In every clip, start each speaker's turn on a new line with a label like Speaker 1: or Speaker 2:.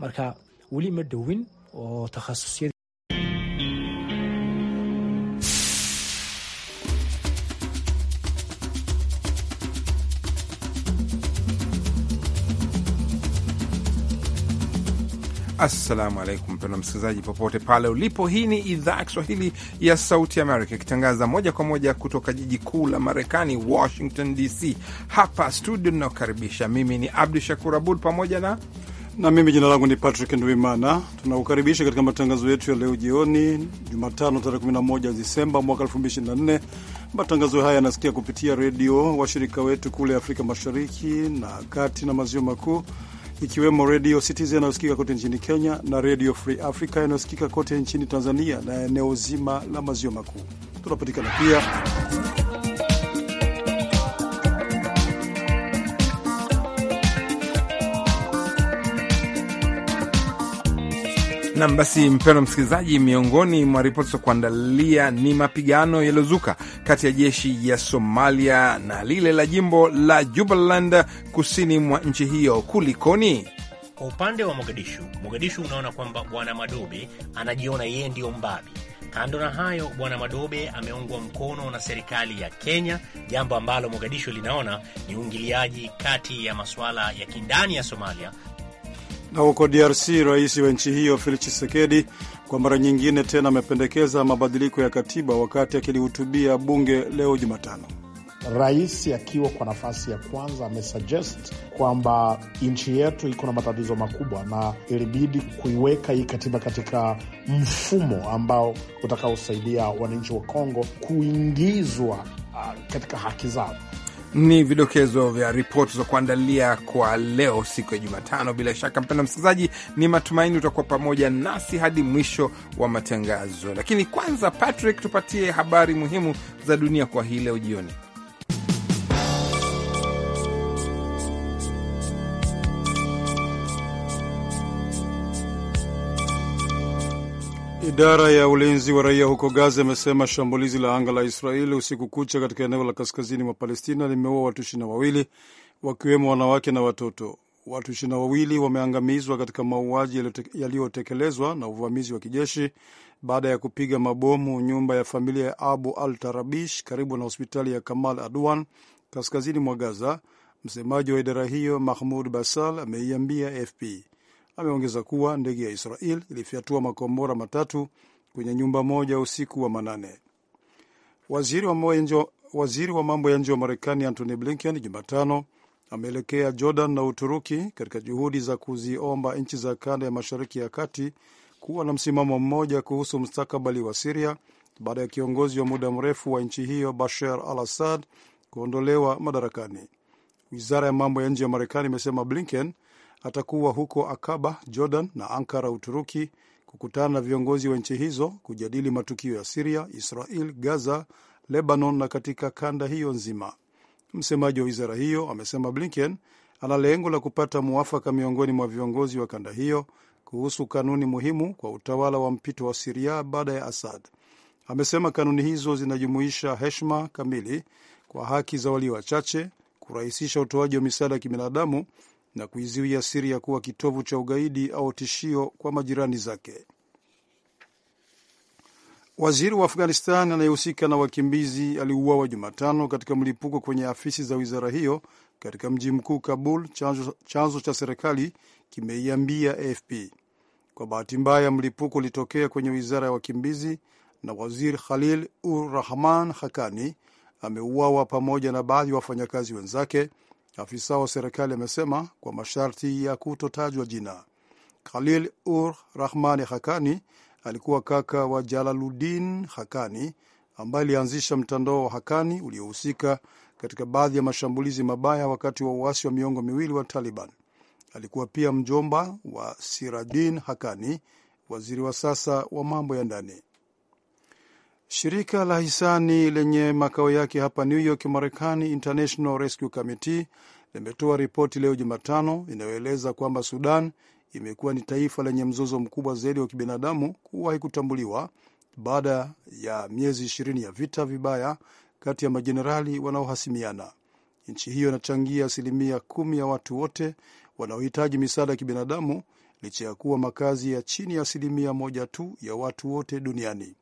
Speaker 1: marka weli ma dhowin oo takhasusyada
Speaker 2: Assalamu alaikum mpendwa msikilizaji, popote pale ulipo, hii ni idhaa ya Kiswahili ya Sauti Amerika ikitangaza moja kwa moja kutoka jiji kuu la Marekani, Washington
Speaker 3: DC. Hapa studio ninaokaribisha mimi ni Abdu Shakur Abud pamoja na na mimi jina langu ni Patrick Ndwimana. Tunakukaribisha katika matangazo yetu ya leo jioni, Jumatano tarehe 11 Disemba mwaka 2024. Matangazo haya yanasikia kupitia redio washirika wetu kule Afrika Mashariki na Kati na Maziwa Makuu, ikiwemo Redio Citizen inayosikika kote nchini Kenya na Redio Free Africa inayosikika kote nchini Tanzania na eneo zima la Maziwa Makuu. Tunapatikana pia
Speaker 2: Nam basi, mpendwa msikilizaji, miongoni mwa ripoti za kuandalia ni mapigano yaliyozuka kati ya jeshi ya Somalia na lile la jimbo la Jubaland kusini mwa nchi hiyo. Kulikoni?
Speaker 4: Kwa upande wa Mogadishu, Mogadishu unaona kwamba Bwana Madobe anajiona yeye ndiyo mbabi. Kando na hayo, Bwana Madobe ameungwa mkono na serikali ya Kenya, jambo ambalo Mogadishu linaona ni uingiliaji kati ya masuala ya kindani ya Somalia
Speaker 3: na huko DRC, rais wa nchi hiyo Felix Tshisekedi kwa mara nyingine tena amependekeza mabadiliko ya katiba wakati akilihutubia bunge leo Jumatano.
Speaker 5: Rais akiwa kwa nafasi ya kwanza amesuggest kwamba nchi yetu iko na matatizo makubwa na ilibidi kuiweka hii katiba katika mfumo ambao utakaosaidia wananchi wa Kongo kuingizwa ah, katika haki zao.
Speaker 2: Ni vidokezo vya ripoti za kuandalia kwa leo, siku ya Jumatano. Bila shaka, mpenda msikilizaji, ni matumaini utakuwa pamoja nasi hadi mwisho wa matangazo, lakini kwanza, Patrick, tupatie habari muhimu za dunia kwa hii leo jioni.
Speaker 3: Idara ya ulinzi wa raia huko Gaza imesema shambulizi la anga la Israeli usiku kucha katika eneo la kaskazini mwa Palestina limeua watu ishirini na wawili wakiwemo wanawake na watoto. Watu ishirini na wawili wameangamizwa katika mauaji yaliyotekelezwa na uvamizi wa kijeshi baada ya kupiga mabomu nyumba ya familia ya Abu al Tarabish karibu na hospitali ya Kamal Adwan kaskazini mwa Gaza. Msemaji wa idara hiyo Mahmud Basal ameiambia AFP ameongeza kuwa ndege ya Israel ilifyatua makombora matatu kwenye nyumba moja usiku wa manane. Waziri wa, mwenjo, waziri wa mambo ya nje wa Marekani Antony Blinken Jumatano ameelekea Jordan na Uturuki katika juhudi za kuziomba nchi za kanda ya Mashariki ya Kati kuwa na msimamo mmoja kuhusu mustakabali wa Siria baada ya kiongozi wa muda mrefu wa nchi hiyo Bashar al Assad kuondolewa madarakani. Wizara ya mambo ya nje ya Marekani imesema Blinken atakuwa huko Akaba, Jordan na Ankara, Uturuki, kukutana na viongozi wa nchi hizo kujadili matukio ya Siria, Israel, Gaza, Lebanon na katika kanda hiyo nzima. Msemaji wa wizara hiyo amesema Blinken ana lengo la kupata mwafaka miongoni mwa viongozi wa kanda hiyo kuhusu kanuni muhimu kwa utawala wa mpito wa Siria baada ya Assad. Amesema kanuni hizo zinajumuisha heshima kamili kwa haki za walio wachache, kurahisisha utoaji wa misaada ya kibinadamu na kuizuia Siria kuwa kitovu cha ugaidi au tishio kwa majirani zake. Waziri wa Afghanistan anayehusika na wakimbizi aliuawa Jumatano katika mlipuko kwenye afisi za wizara hiyo katika mji mkuu Kabul, chanzo, chanzo cha serikali kimeiambia AFP. Kwa bahati mbaya, mlipuko ulitokea kwenye wizara ya wakimbizi na waziri Khalil ur Rahman Hakani ameuawa pamoja na baadhi ya wafanyakazi wenzake, Afisa wa serikali amesema kwa masharti ya kutotajwa jina. Khalil Ur Rahmani Hakani alikuwa kaka wa jalaludin Hakani ambaye alianzisha mtandao wa Hakani uliohusika katika baadhi ya mashambulizi mabaya wakati wa uasi wa miongo miwili wa Taliban. Alikuwa pia mjomba wa Siradin Hakani, waziri wa sasa wa mambo ya ndani. Shirika la hisani lenye makao yake hapa New York, Marekani, International Rescue Committee limetoa ripoti leo Jumatano inayoeleza kwamba Sudan imekuwa ni taifa lenye mzozo mkubwa zaidi wa kibinadamu kuwahi kutambuliwa baada ya miezi ishirini ya vita vibaya kati ya majenerali wanaohasimiana. Nchi hiyo inachangia asilimia kumi ya watu wote wanaohitaji misaada ya kibinadamu licha ya kuwa makazi ya chini ya asilimia moja tu ya watu wote duniani.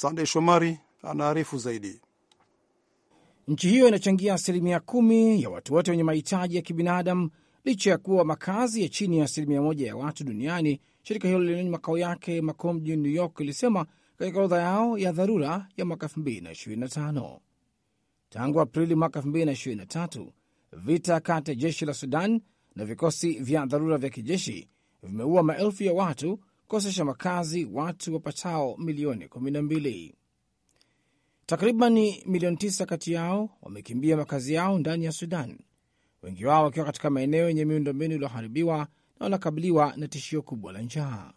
Speaker 3: Sandey Shomari anaarifu zaidi. Nchi hiyo inachangia asilimia
Speaker 1: kumi ya watu wote wenye mahitaji ya kibinadamu, licha ya kuwa makazi ya chini ya asilimia moja ya watu duniani. Shirika hilo lenye makao yake makuu mjini New York ilisema katika orodha yao ya dharura ya mwaka 2025. Tangu Aprili mwaka 2023, vita kati ya jeshi la Sudan na vikosi vya dharura vya kijeshi vimeua maelfu ya watu kukosesha makazi watu wapatao milioni 12. Takriban milioni 9 kati yao wamekimbia makazi yao ndani ya Sudan, wengi wao wakiwa katika maeneo yenye miundombinu iliyoharibiwa na wanakabiliwa na tishio kubwa la njaa.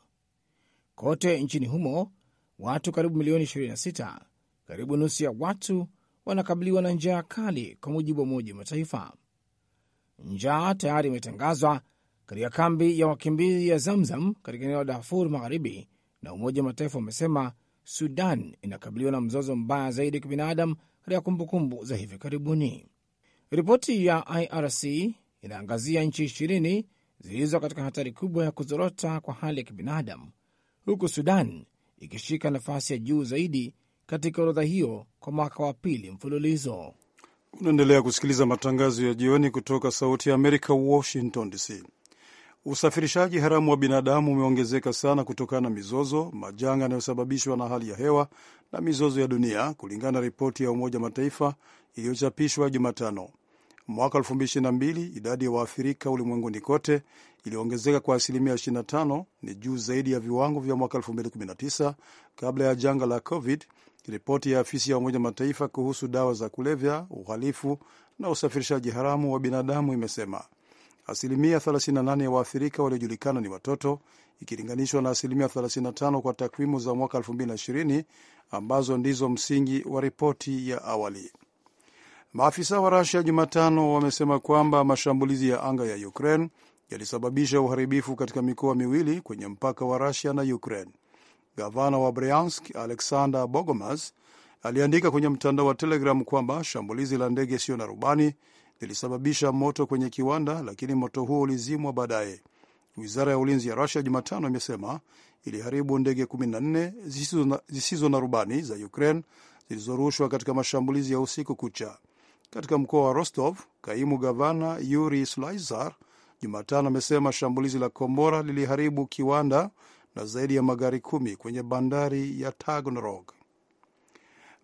Speaker 1: Kote nchini humo watu karibu milioni 26, karibu nusu ya watu wanakabiliwa na njaa kali, kwa mujibu wa Umoja wa Mataifa. Njaa tayari imetangazwa katika kambi ya wakimbizi ya Zamzam katika eneo la Darfur Magharibi, na Umoja wa Mataifa umesema Sudan inakabiliwa na mzozo mbaya zaidi wa kibinadamu katika kumbukumbu za hivi karibuni. Ripoti ya IRC inaangazia nchi ishirini zilizo katika hatari kubwa ya kuzorota kwa hali ya kibinadamu, huku Sudan ikishika nafasi ya juu zaidi katika orodha hiyo kwa mwaka wa pili mfululizo.
Speaker 3: Unaendelea kusikiliza matangazo ya jioni kutoka Sauti ya Amerika, Washington DC. Usafirishaji haramu wa binadamu umeongezeka sana kutokana na mizozo, majanga yanayosababishwa na hali ya hewa na mizozo ya dunia, kulingana na ripoti ya Umoja Mataifa iliyochapishwa Jumatano. Mwaka 2022 idadi ya waathirika ulimwenguni kote iliongezeka kwa asilimia 25, ni juu zaidi ya viwango vya mwaka 2019 kabla ya janga la COVID. Ripoti ya afisi ya Umoja Mataifa kuhusu dawa za kulevya, uhalifu na usafirishaji haramu wa binadamu imesema Asilimia 38 ya waathirika waliojulikana ni watoto ikilinganishwa na asilimia 35 kwa takwimu za mwaka 2020 ambazo ndizo msingi wa ripoti ya awali. Maafisa wa Rusia Jumatano wamesema kwamba mashambulizi ya anga ya Ukraine yalisababisha uharibifu katika mikoa miwili kwenye mpaka wa Rusia na Ukraine. Gavana wa Bryansk Alexander bogomas aliandika kwenye mtandao wa Telegram kwamba shambulizi la ndege isiyo na rubani ilisababisha moto kwenye kiwanda, lakini moto huo ulizimwa baadaye. Wizara ya ulinzi ya Rusia Jumatano imesema iliharibu ndege 14 zisizo na, rubani za Ukraine zilizorushwa katika mashambulizi ya usiku kucha katika mkoa wa Rostov. Kaimu gavana Yuri Slizar Jumatano amesema shambulizi la kombora liliharibu kiwanda na zaidi ya magari kumi kwenye bandari ya Taganrog.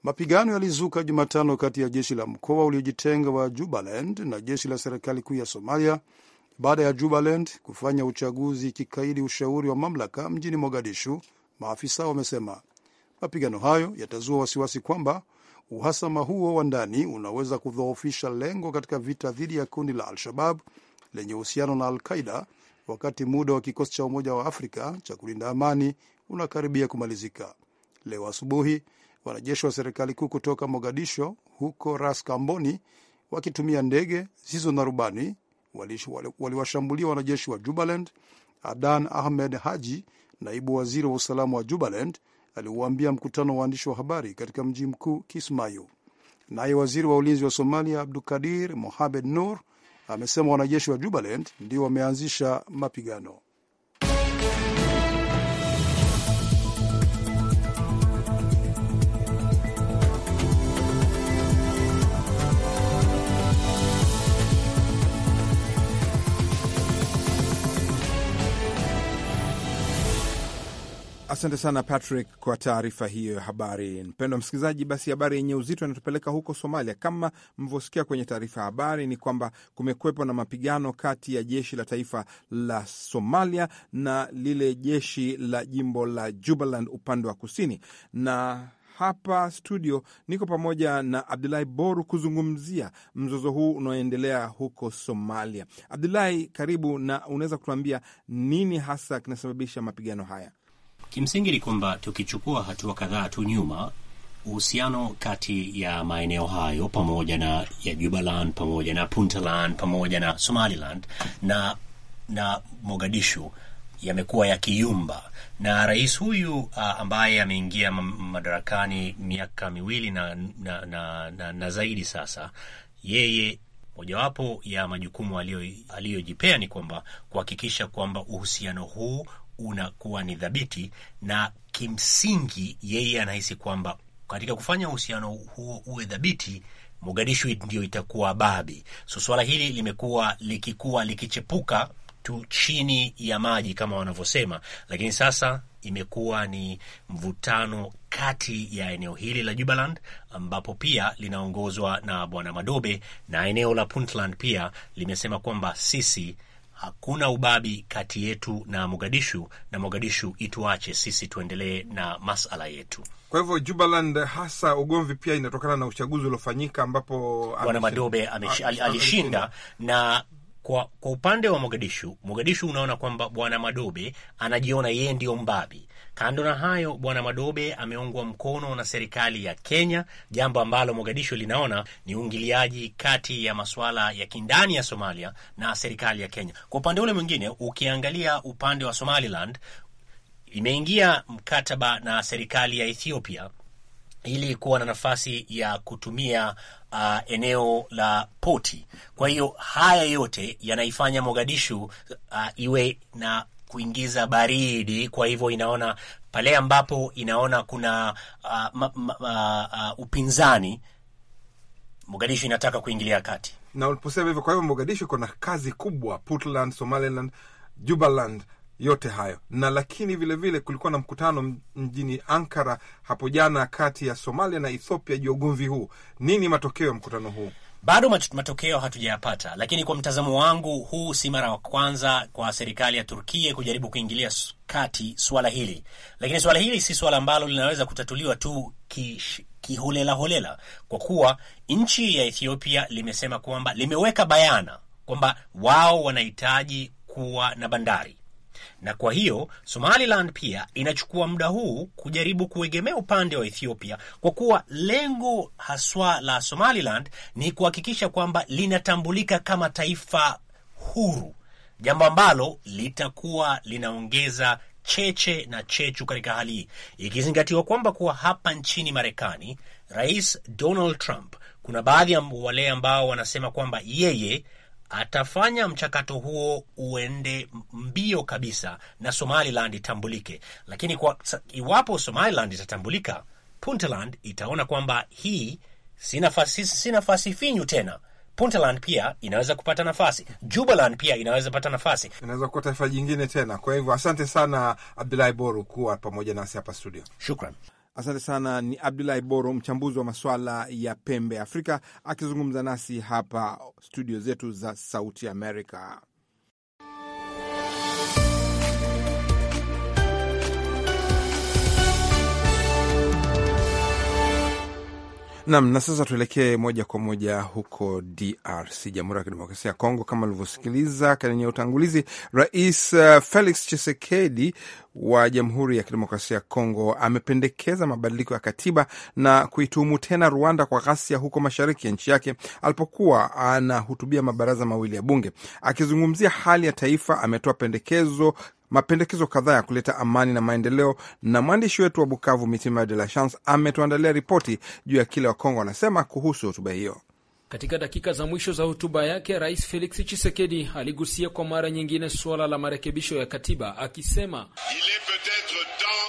Speaker 3: Mapigano yalizuka Jumatano kati ya jeshi la mkoa uliojitenga wa Jubaland na jeshi la serikali kuu ya Somalia baada ya Jubaland kufanya uchaguzi ikikaidi ushauri wa mamlaka mjini Mogadishu, maafisa wamesema. Mapigano hayo yatazua wasiwasi kwamba uhasama huo wa ndani unaweza kudhoofisha lengo katika vita dhidi ya kundi la Al-Shabab lenye uhusiano na Al-Qaida, wakati muda wa kikosi cha Umoja wa Afrika cha kulinda amani unakaribia kumalizika. Leo asubuhi wanajeshi wa serikali kuu kutoka Mogadisho huko Ras Kamboni wakitumia ndege zisizo na rubani waliwashambulia wali wanajeshi wa Jubaland. Adan Ahmed Haji, naibu waziri wa usalama wa Jubaland, aliuambia mkutano wa waandishi wa habari katika mji mkuu Kismayo. Naye waziri wa ulinzi wa Somalia Abdukadir Mohamed Nur amesema wanajeshi wa Jubaland ndio wameanzisha mapigano.
Speaker 2: Asante sana Patrick kwa taarifa hiyo ya habari. Mpendwa msikilizaji, basi habari yenye uzito inatupeleka huko Somalia. Kama mlivyosikia kwenye taarifa ya habari, ni kwamba kumekwepo na mapigano kati ya jeshi la taifa la Somalia na lile jeshi la jimbo la Jubaland upande wa kusini na hapa studio niko pamoja na Abdulahi Boru kuzungumzia mzozo huu unaoendelea huko Somalia. Abdulahi, karibu, na unaweza kutuambia nini hasa kinasababisha mapigano haya?
Speaker 4: Kimsingi ni kwamba tukichukua hatua kadhaa tu nyuma, uhusiano kati ya maeneo hayo pamoja na ya Jubaland pamoja na Puntland pamoja na Somaliland na, na Mogadishu yamekuwa yakiyumba na rais huyu uh, ambaye ameingia madarakani miaka miwili na, na, na, na, na zaidi sasa, yeye mojawapo ya majukumu aliyojipea ni kwamba kuhakikisha kwamba uhusiano huu unakuwa ni dhabiti, na kimsingi yeye anahisi kwamba katika kufanya uhusiano huo uwe dhabiti Mogadishu ndio itakuwa babi. So swala hili limekuwa likikuwa likichepuka tu chini ya maji kama wanavyosema, lakini sasa imekuwa ni mvutano kati ya eneo hili la Jubaland ambapo pia linaongozwa na Bwana Madobe na eneo la Puntland pia limesema kwamba sisi hakuna ubabi kati yetu na Mogadishu, na Mogadishu ituache sisi tuendelee na masala yetu.
Speaker 2: Kwa hivyo Jubaland hasa ugomvi pia inatokana na uchaguzi uliofanyika ambapo Bwana Madobe ah, alishinda
Speaker 4: na kwa, kwa upande wa Mogadishu, Mogadishu unaona kwamba Bwana Madobe anajiona yeye ndiyo mbabi Kando na hayo, Bwana Madobe ameungwa mkono na serikali ya Kenya, jambo ambalo Mogadishu linaona ni uingiliaji kati ya masuala ya kindani ya Somalia na serikali ya Kenya. Kwa upande ule mwingine, ukiangalia upande wa Somaliland, imeingia mkataba na serikali ya Ethiopia ili kuwa na nafasi ya kutumia uh, eneo la poti. Kwa hiyo haya yote yanaifanya Mogadishu uh, iwe na kuingiza baridi. Kwa hivyo inaona pale ambapo inaona kuna uh, ma, ma, uh, uh upinzani, Mogadishu inataka kuingilia kati.
Speaker 2: Na uliposema hivyo, kwa hivyo Mogadishu kuna kazi kubwa, Puntland, Somaliland, Jubaland yote hayo na lakini vilevile vile kulikuwa na mkutano mjini Ankara hapo jana kati ya Somalia na Ethiopia juu ya ugomvi huu. Nini matokeo ya mkutano huu? Bado matokeo
Speaker 4: hatujayapata, lakini kwa mtazamo wangu, huu si mara ya kwanza kwa serikali ya Turkia kujaribu kuingilia kati swala hili, lakini swala hili si swala ambalo linaweza kutatuliwa tu kiholelaholela ki kwa kuwa nchi ya Ethiopia limesema kwamba limeweka bayana kwamba wao wanahitaji kuwa na bandari na kwa hiyo Somaliland pia inachukua muda huu kujaribu kuegemea upande wa Ethiopia, kwa kuwa lengo haswa la Somaliland ni kuhakikisha kwamba linatambulika kama taifa huru, jambo ambalo litakuwa linaongeza cheche na chechu katika hali hii, ikizingatiwa kwamba kuwa hapa nchini Marekani Rais Donald Trump, kuna baadhi ya wale ambao wanasema kwamba yeye atafanya mchakato huo uende mbio kabisa na Somaliland itambulike. Lakini kwa, iwapo Somaliland itatambulika, Puntland itaona kwamba hii si nafasi, si nafasi finyu tena. Puntland pia inaweza kupata nafasi, Jubaland pia inaweza pata nafasi, inaweza kuwa taifa jingine tena. Kwa
Speaker 2: hivyo asante sana Abdulahi Boru kuwa pamoja nasi hapa studio, shukran. Asante sana. Ni Abdulahi Boro, mchambuzi wa maswala ya pembe ya Afrika, akizungumza nasi hapa studio zetu za Sauti Amerika. Nam, na sasa tuelekee moja kwa moja huko DRC, Jamhuri ya Kidemokrasia ya Kongo. Kama alivyosikiliza kwenye utangulizi, Rais uh, Felix Tshisekedi wa Jamhuri ya Kidemokrasia ya Kongo amependekeza mabadiliko ya katiba na kuituhumu tena Rwanda kwa ghasia huko mashariki ya nchi yake alipokuwa anahutubia mabaraza mawili ya bunge. Akizungumzia hali ya taifa, ametoa pendekezo mapendekezo kadhaa ya kuleta amani na maendeleo, na mwandishi wetu wa Bukavu Mitima De La Chance ametuandalia ripoti juu ya kile Wakongo wanasema kuhusu hotuba hiyo.
Speaker 6: Katika dakika za mwisho za hotuba yake, Rais Felix Tshisekedi aligusia kwa mara nyingine suala la marekebisho ya katiba akisema,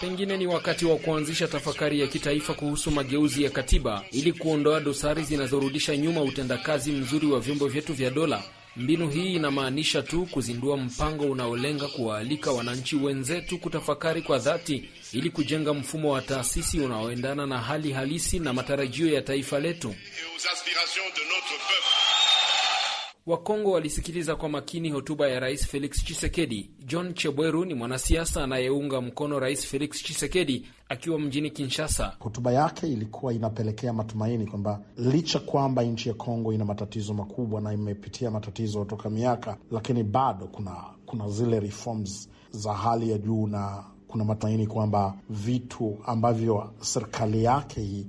Speaker 6: pengine ni wakati wa kuanzisha tafakari ya kitaifa kuhusu mageuzi ya katiba ili kuondoa dosari zinazorudisha nyuma utendakazi mzuri wa vyombo vyetu vya dola Mbinu hii inamaanisha tu kuzindua mpango unaolenga kuwaalika wananchi wenzetu kutafakari kwa dhati ili kujenga mfumo wa taasisi unaoendana na hali halisi na matarajio ya taifa letu. Wakongo walisikiliza kwa makini hotuba ya Rais Felix Chisekedi. John Chebweru ni mwanasiasa anayeunga mkono Rais Felix Chisekedi akiwa mjini Kinshasa.
Speaker 5: Hotuba yake ilikuwa inapelekea matumaini kwamba licha kwamba nchi ya Kongo ina matatizo makubwa na imepitia matatizo toka miaka, lakini bado kuna kuna zile reforms za hali ya juu na kuna matumaini kwamba vitu ambavyo serikali yake hii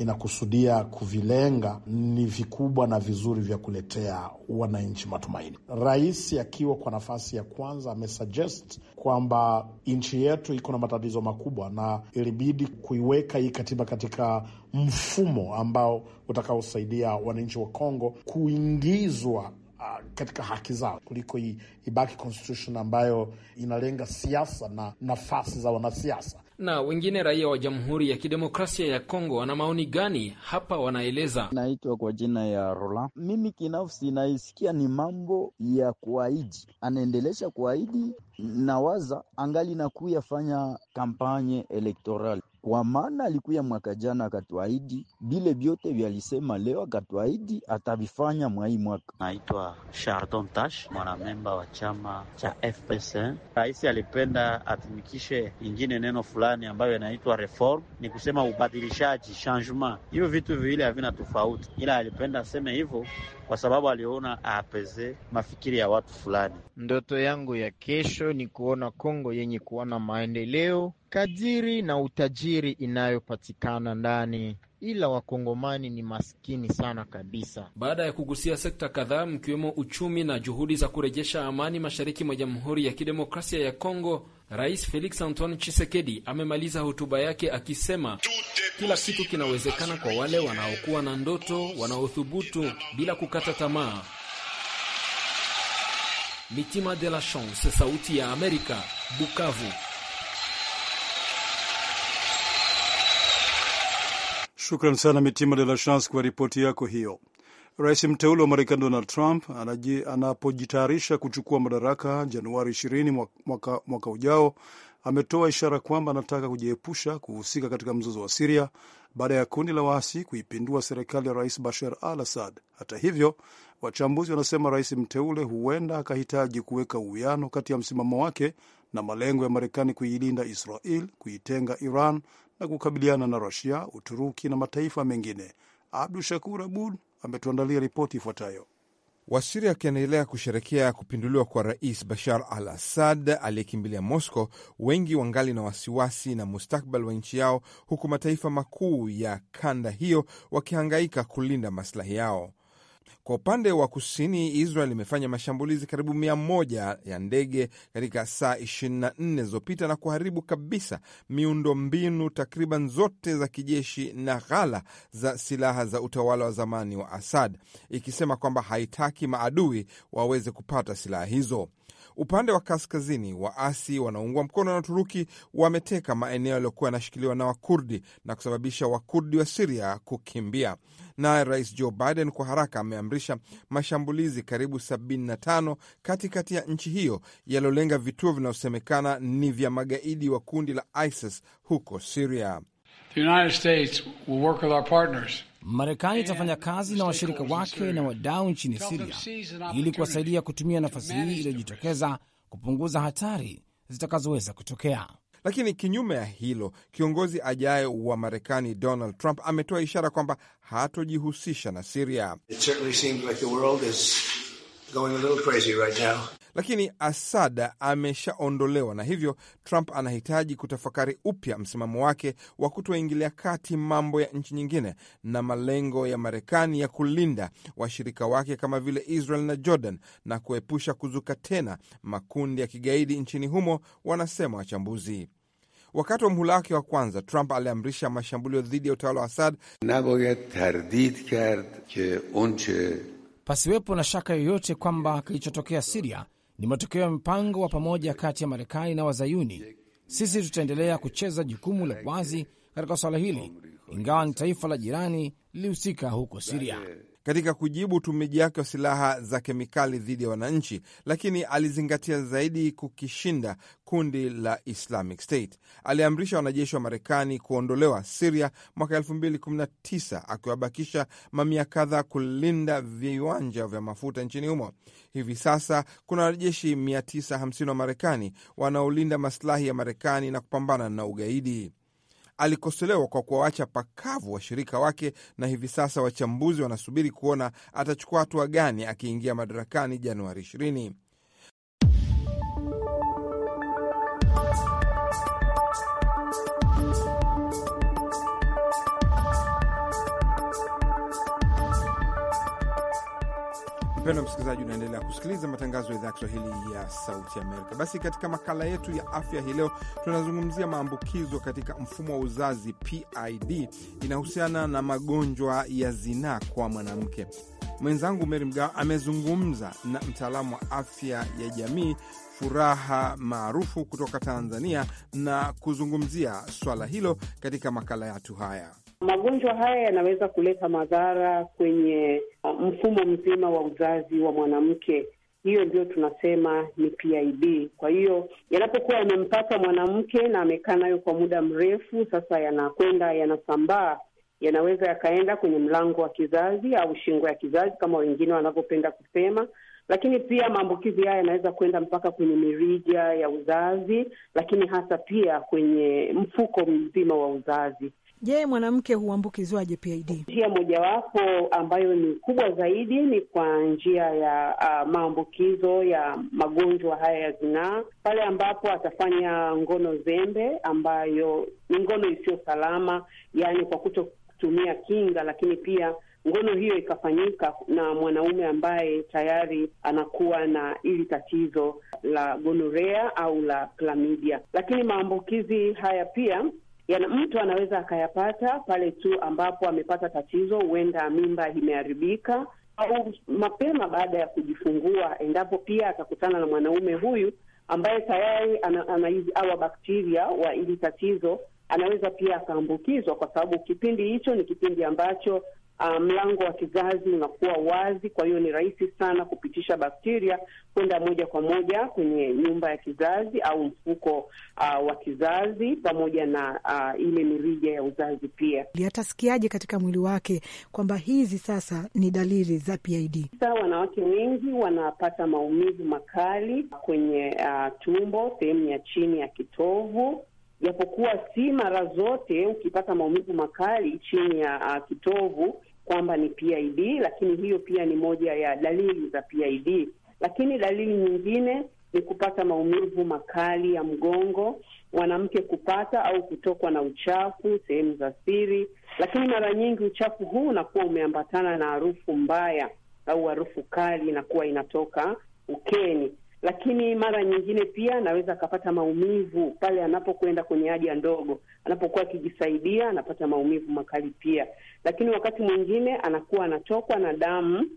Speaker 5: inakusudia kuvilenga ni vikubwa na vizuri vya kuletea wananchi matumaini. Rais akiwa kwa nafasi ya kwanza amesuggest kwamba nchi yetu iko na matatizo makubwa na ilibidi kuiweka hii katiba katika mfumo ambao utakaosaidia wananchi wa Kongo kuingizwa uh, katika haki zao kuliko ibaki constitution ambayo inalenga siasa na nafasi za wanasiasa.
Speaker 6: Na wengine raia wa Jamhuri ya Kidemokrasia ya Kongo wana maoni gani? Hapa wanaeleza. Naitwa kwa jina ya
Speaker 7: Rola.
Speaker 5: Mimi
Speaker 6: kinafsi
Speaker 7: naisikia ni mambo ya kuahidi, anaendelesha kuahidi, nawaza angali nakuya fanya kampanye elektorali kwa maana alikuya mwaka jana akatuahidi vile vyote vyalisema leo akatuahidi atavifanya mwai mwaka.
Speaker 4: Naitwa Chardon Tash, mwanamemba wa chama cha FPC. Rais alipenda atumikishe ingine neno fulani ambayo inaitwa reform, ni kusema ubadilishaji, changement. Hivyo vitu viwili havina tofauti, ila alipenda aseme hivyo kwa sababu aliona apeze mafikiri ya watu fulani.
Speaker 7: Ndoto yangu ya kesho ni kuona Kongo yenye kuwa na maendeleo kadiri na utajiri inayopatikana ndani ila wakongomani ni maskini sana kabisa.
Speaker 6: Baada ya kugusia sekta kadhaa mkiwemo uchumi na juhudi za kurejesha amani mashariki mwa Jamhuri ya Kidemokrasia ya Kongo, Rais Felix Antoine Tshisekedi amemaliza hotuba yake akisema kila kitu kinawezekana kwa wale wanaokuwa na ndoto, wanaothubutu bila kukata tamaa. Mitima de la Chance, Sauti ya Amerika,
Speaker 3: Bukavu. Shukran sana Mitima de la Chance kwa ripoti yako hiyo. Rais mteule wa Marekani Donald Trump anapojitayarisha kuchukua madaraka Januari 20 mwaka, mwaka ujao ametoa ishara kwamba anataka kujiepusha kuhusika katika mzozo wa Siria baada ya kundi la waasi kuipindua serikali ya rais Bashar al Assad. Hata hivyo, wachambuzi wanasema rais mteule huenda akahitaji kuweka uwiano kati ya msimamo wake na malengo ya Marekani kuilinda Israel, kuitenga Iran na kukabiliana na Rusia, Uturuki na mataifa mengine. Abdu Shakur Abud ametuandalia ripoti ifuatayo.
Speaker 2: Wasiria wakiendelea kusherekea kupinduliwa kwa rais Bashar al Assad aliyekimbilia Moscow, wengi wangali na wasiwasi na mustakbal wa nchi yao, huku mataifa makuu ya kanda hiyo wakihangaika kulinda maslahi yao. Kwa upande wa kusini, Israel imefanya mashambulizi karibu mia moja ya ndege katika saa 24 zilizopita na kuharibu kabisa miundo mbinu takriban zote za kijeshi na ghala za silaha za utawala wa zamani wa Assad, ikisema kwamba haitaki maadui waweze kupata silaha hizo. Upande wa kaskazini, waasi wanaoungwa mkono na Uturuki wameteka maeneo yaliyokuwa yanashikiliwa na Wakurdi na kusababisha Wakurdi wa Siria kukimbia. Naye Rais Joe Biden kwa haraka ameamrisha mashambulizi karibu 75 katikati ya nchi hiyo yaliyolenga vituo vinavyosemekana ni vya magaidi wa kundi la ISIS huko Siria.
Speaker 5: The United States
Speaker 1: will work with our partners Marekani itafanya kazi na washirika wake na wadau nchini Siria ili kuwasaidia kutumia nafasi hii iliyojitokeza kupunguza hatari
Speaker 2: zitakazoweza kutokea. Lakini kinyume ya hilo, kiongozi ajaye wa Marekani Donald Trump ametoa ishara kwamba hatojihusisha na Siria lakini Asada ameshaondolewa na hivyo Trump anahitaji kutafakari upya msimamo wake wa kutoingilia kati mambo ya nchi nyingine na malengo ya Marekani ya kulinda washirika wake kama vile Israel na Jordan na kuepusha kuzuka tena makundi ya kigaidi nchini humo, wanasema wachambuzi. Wakati wa mhula wake wa kwanza Trump aliamrisha mashambulio dhidi ya utawala wa Asad.
Speaker 1: Pasiwepo na shaka yoyote kwamba kilichotokea Siria ni matokeo ya mpango wa pamoja kati ya Marekani na Wazayuni. Sisi tutaendelea kucheza jukumu la wazi katika swala hili, ingawa ni taifa la jirani lilihusika huko Siria katika kujibu utumiaji wake wa silaha
Speaker 2: za kemikali dhidi ya wananchi, lakini alizingatia zaidi kukishinda kundi la Islamic State. Aliamrisha wanajeshi wa Marekani kuondolewa Siria mwaka 2019 akiwabakisha mamia kadhaa kulinda viwanja vya mafuta nchini humo. Hivi sasa kuna wanajeshi 950 wa Marekani wanaolinda masilahi ya Marekani na kupambana na ugaidi alikosolewa kwa kuwaacha pakavu washirika wake, na hivi sasa wachambuzi wanasubiri kuona atachukua hatua gani akiingia madarakani Januari 20. Mpendwa msikilizaji, unaendelea kusikiliza matangazo ya idhaa ya Kiswahili ya Sauti Amerika. Basi katika makala yetu ya afya hii leo tunazungumzia maambukizo katika mfumo wa uzazi PID, inahusiana na magonjwa ya zinaa kwa mwanamke. Mwenzangu Meri Mgawa amezungumza na mtaalamu wa afya ya jamii Furaha maarufu kutoka Tanzania na kuzungumzia swala hilo katika makala yetu haya.
Speaker 8: Magonjwa haya yanaweza kuleta madhara kwenye uh, mfumo mzima wa uzazi wa mwanamke. Hiyo ndio tunasema ni PID. Kwa hiyo yanapokuwa yamempata mwanamke na amekaa nayo kwa muda mrefu, sasa yanakwenda yanasambaa, yanaweza yakaenda kwenye mlango wa kizazi au shingo ya kizazi kama wengine wanavyopenda kusema, lakini pia maambukizi haya yanaweza kwenda mpaka kwenye mirija ya uzazi, lakini hasa pia kwenye mfuko mzima wa uzazi. Je, mwanamke huambukizwaje PID? Njia mojawapo ambayo ni kubwa zaidi ni kwa njia ya uh, maambukizo ya magonjwa haya ya zinaa, pale ambapo atafanya ngono zembe, ambayo ni ngono isiyo salama, yaani kwa kuto kutumia kinga, lakini pia ngono hiyo ikafanyika na mwanaume ambaye tayari anakuwa na ili tatizo la gonorea au la klamidia. Lakini maambukizi haya pia yana mtu anaweza akayapata pale tu ambapo amepata tatizo, huenda mimba imeharibika au mapema baada ya kujifungua, endapo pia atakutana na mwanaume huyu ambaye tayari ana, ana hizi awa bakteria wa hili tatizo, anaweza pia akaambukizwa, kwa sababu kipindi hicho ni kipindi ambacho uh, mlango wa kizazi unakuwa wazi, kwa hiyo ni rahisi sana kupitisha bakteria kwenda moja kwa moja kwenye nyumba ya kizazi au mfuko uh, wa kizazi pamoja na uh, ile mirija ya uzazi. Pia
Speaker 7: atasikiaje katika mwili wake kwamba hizi sasa ni dalili za PID?
Speaker 8: Sasa wanawake wengi wanapata maumivu makali kwenye uh, tumbo, sehemu ya chini ya kitovu japokuwa si mara zote ukipata maumivu makali chini ya uh, kitovu kwamba ni PID, lakini hiyo pia ni moja ya dalili za PID. Lakini dalili nyingine ni kupata maumivu makali ya mgongo, mwanamke kupata au kutokwa na uchafu sehemu za siri, lakini mara nyingi uchafu huu unakuwa umeambatana na harufu mbaya au harufu kali inakuwa inatoka ukeni lakini mara nyingine pia anaweza akapata maumivu pale anapokwenda kwenye haja ndogo. Anapokuwa akijisaidia anapata maumivu makali pia, lakini wakati mwingine anakuwa anatokwa na damu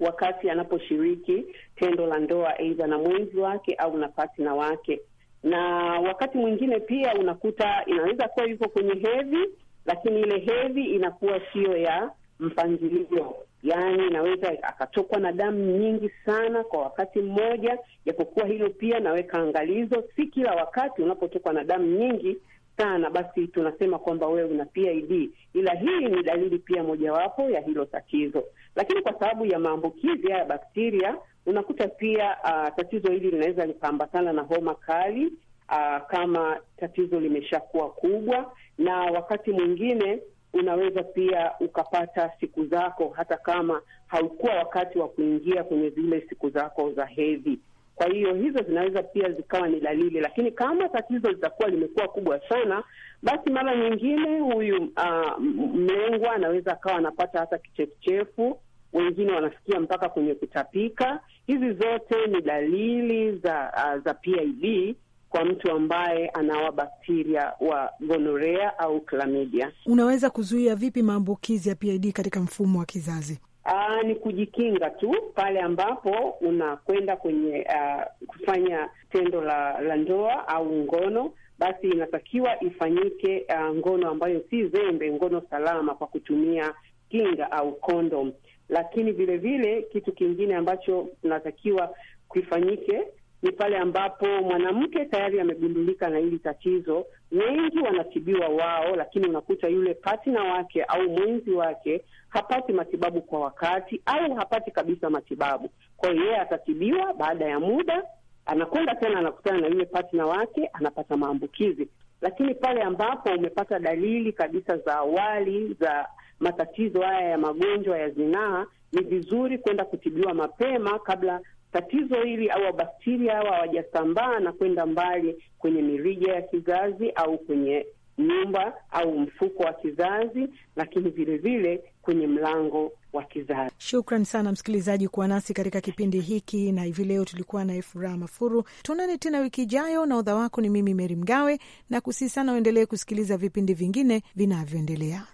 Speaker 8: wakati anaposhiriki tendo la ndoa, aidha na mwenzi wake au na partner wake. Na wakati mwingine pia unakuta inaweza kuwa yuko kwenye hedhi, lakini ile hedhi inakuwa siyo ya mpangilio yaani inaweza akatokwa na damu nyingi sana kwa wakati mmoja, japokuwa hilo pia naweka angalizo, si kila wakati unapotokwa na damu nyingi sana basi tunasema kwamba wewe una PID, ila hii ni dalili pia mojawapo ya hilo tatizo. Lakini kwa sababu ya maambukizi haya bakteria, unakuta pia uh, tatizo hili linaweza likaambatana na homa kali uh, kama tatizo limeshakuwa kubwa, na wakati mwingine unaweza pia ukapata siku zako hata kama haukuwa wakati wa kuingia kwenye zile siku zako za hedhi. Kwa hiyo hizo zinaweza pia zikawa ni dalili, lakini kama tatizo litakuwa limekuwa kubwa sana, basi mara nyingine huyu uh, ah, mlengwa anaweza akawa anapata hata kichefuchefu, wengine wanasikia mpaka kwenye kutapika. Hizi zote ni dalili za uh, za PID kwa mtu ambaye anawa bakteria wa gonorea au klamidia.
Speaker 7: Unaweza kuzuia vipi maambukizi ya PID katika mfumo wa kizazi?
Speaker 8: Aa, ni kujikinga tu pale ambapo unakwenda kwenye uh, kufanya tendo la, la ndoa au ngono, basi inatakiwa ifanyike uh, ngono ambayo si zembe, ngono salama kwa kutumia kinga au kondom. Lakini vilevile kitu kingine ambacho tunatakiwa kifanyike ni pale ambapo mwanamke tayari amegundulika na hili tatizo. Wengi wanatibiwa wao, lakini unakuta yule partner wake au mwenzi wake hapati matibabu kwa wakati au hapati kabisa matibabu. Kwa hiyo yeye atatibiwa, baada ya muda anakwenda tena anakutana na yule partner wake, anapata maambukizi. Lakini pale ambapo umepata dalili kabisa za awali za matatizo haya ya magonjwa ya zinaa, ni vizuri kwenda kutibiwa mapema kabla tatizo hili au bakteria hawa hawajasambaa na kwenda mbali kwenye mirija ya kizazi au kwenye nyumba au mfuko wa kizazi, lakini vilevile kwenye mlango wa kizazi.
Speaker 7: Shukran sana msikilizaji kuwa nasi katika kipindi hiki, na hivi leo tulikuwa na Furaha Mafuru. Tuonane tena wiki ijayo, na udha wako ni mimi Meri Mgawe, na kusii sana uendelee kusikiliza vipindi vingine vinavyoendelea.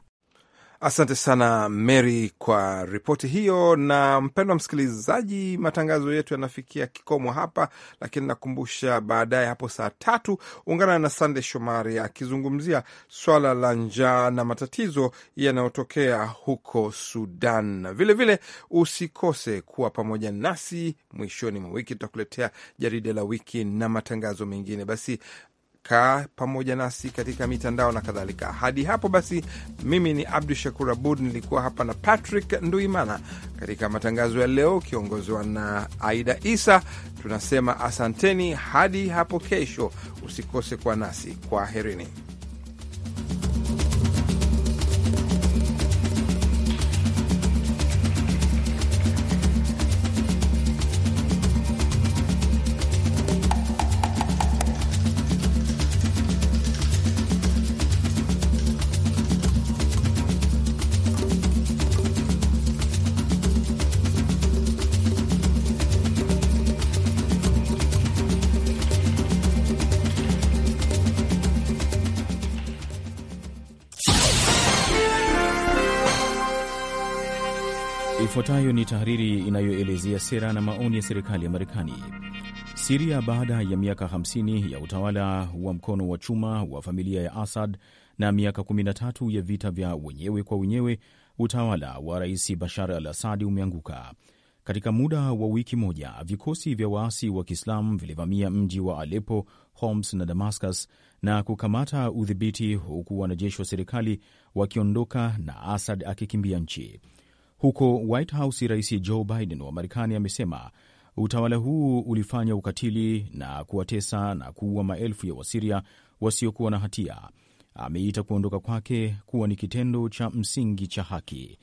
Speaker 2: Asante sana Mary kwa ripoti hiyo. Na mpendwa msikilizaji, matangazo yetu yanafikia kikomo hapa, lakini nakumbusha baadaye hapo saa tatu ungana na Sande Shomari akizungumzia swala la njaa na matatizo yanayotokea huko Sudan. Vilevile usikose kuwa pamoja nasi mwishoni mwa wiki, tutakuletea jarida la wiki na matangazo mengine. Basi kaa pamoja nasi katika mitandao na kadhalika. Hadi hapo basi, mimi ni Abdu Shakur Abud, nilikuwa hapa na Patrick Nduimana katika matangazo ya leo, ukiongozwa na Aida Isa. Tunasema asanteni hadi hapo kesho, usikose kwa nasi. Kwaherini.
Speaker 7: maelezi sera na maoni ya serikali ya Marekani. Siria baada ya miaka 50 ya utawala wa mkono wa chuma wa familia ya Assad na miaka 13 ya vita vya wenyewe kwa wenyewe, utawala wa Rais Bashar al Assadi umeanguka. Katika muda wa wiki moja, vikosi vya waasi wa Kiislamu vilivamia mji wa Alepo, Homs na Damascus na kukamata udhibiti, huku wanajeshi wa serikali wakiondoka na asad akikimbia nchi. Huko White House, Rais Joe Biden wa Marekani amesema utawala huu ulifanya ukatili na kuwatesa na kuua maelfu ya Wasiria wasiokuwa na hatia. Ameita kuondoka kwake kuwa ni kitendo cha msingi cha haki.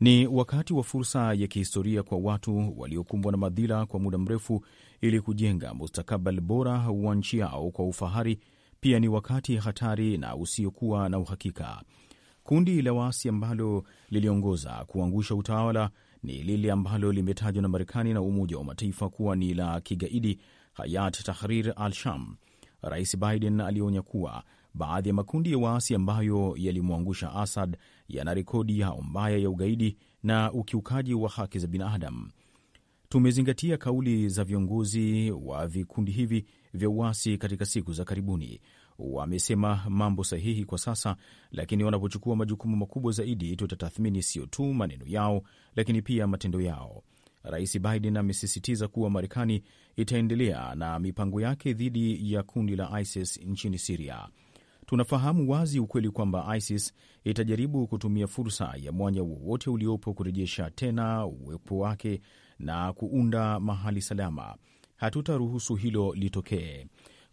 Speaker 7: Ni wakati wa fursa ya kihistoria kwa watu waliokumbwa na madhila kwa muda mrefu ili kujenga mustakabali bora wa nchi yao kwa ufahari. Pia ni wakati hatari na usiokuwa na uhakika. Kundi la waasi ambalo liliongoza kuangusha utawala ni lile ambalo limetajwa na Marekani na Umoja wa Mataifa kuwa ni la kigaidi, Hayat Tahrir al-Sham. Rais Biden alionya kuwa baadhi ya makundi ya waasi ambayo yalimwangusha asad yana rekodi yao mbaya ya ugaidi na ukiukaji wa haki za binadamu. Tumezingatia kauli za viongozi wa vikundi hivi vya uasi katika siku za karibuni wamesema mambo sahihi kwa sasa, lakini wanapochukua majukumu makubwa zaidi, tutatathmini sio tu maneno yao, lakini pia matendo yao. Rais Biden amesisitiza kuwa Marekani itaendelea na mipango yake dhidi ya kundi la ISIS nchini Siria. Tunafahamu wazi ukweli kwamba ISIS itajaribu kutumia fursa ya mwanya wowote uliopo kurejesha tena uwepo wake na kuunda mahali salama. Hatutaruhusu hilo litokee.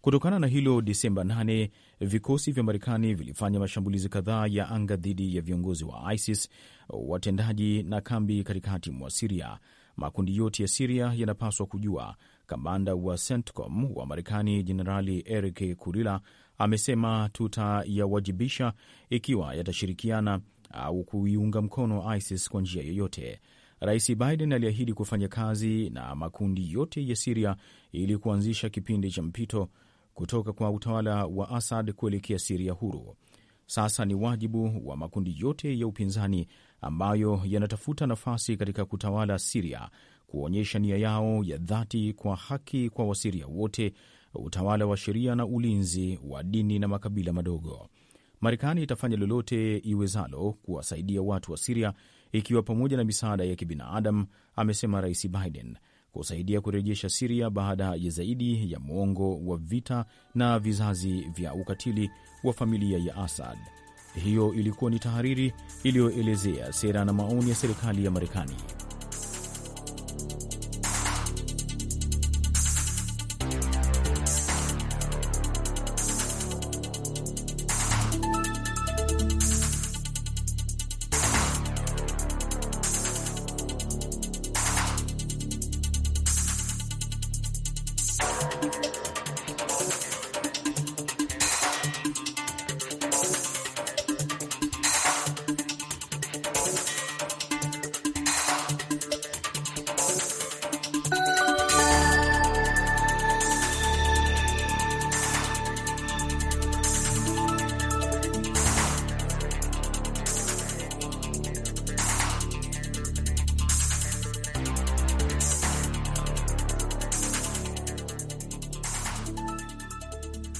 Speaker 7: Kutokana na hilo, disemba 8 vikosi vya Marekani vilifanya mashambulizi kadhaa ya anga dhidi ya viongozi wa ISIS, watendaji na kambi katikati mwa Siria. Makundi yote ya Siria yanapaswa kujua, kamanda wa CENTCOM wa Marekani Jenerali Eric Kurila amesema, tutayawajibisha ikiwa yatashirikiana au kuiunga mkono ISIS kwa njia yoyote. Rais Biden aliahidi kufanya kazi na makundi yote ya Siria ili kuanzisha kipindi cha mpito kutoka kwa utawala wa Asad kuelekea Siria huru. Sasa ni wajibu wa makundi yote ya upinzani ambayo yanatafuta nafasi katika kutawala Siria kuonyesha nia yao ya dhati kwa haki kwa Wasiria wote, utawala wa sheria na ulinzi wa dini na makabila madogo. Marekani itafanya lolote iwezalo kuwasaidia watu wa Siria, ikiwa pamoja na misaada ya kibinadamu, amesema Rais Biden kusaidia kurejesha Siria baada ya zaidi ya mwongo wa vita na vizazi vya ukatili wa familia ya asad Hiyo ilikuwa ni tahariri iliyoelezea sera na maoni ya serikali ya Marekani.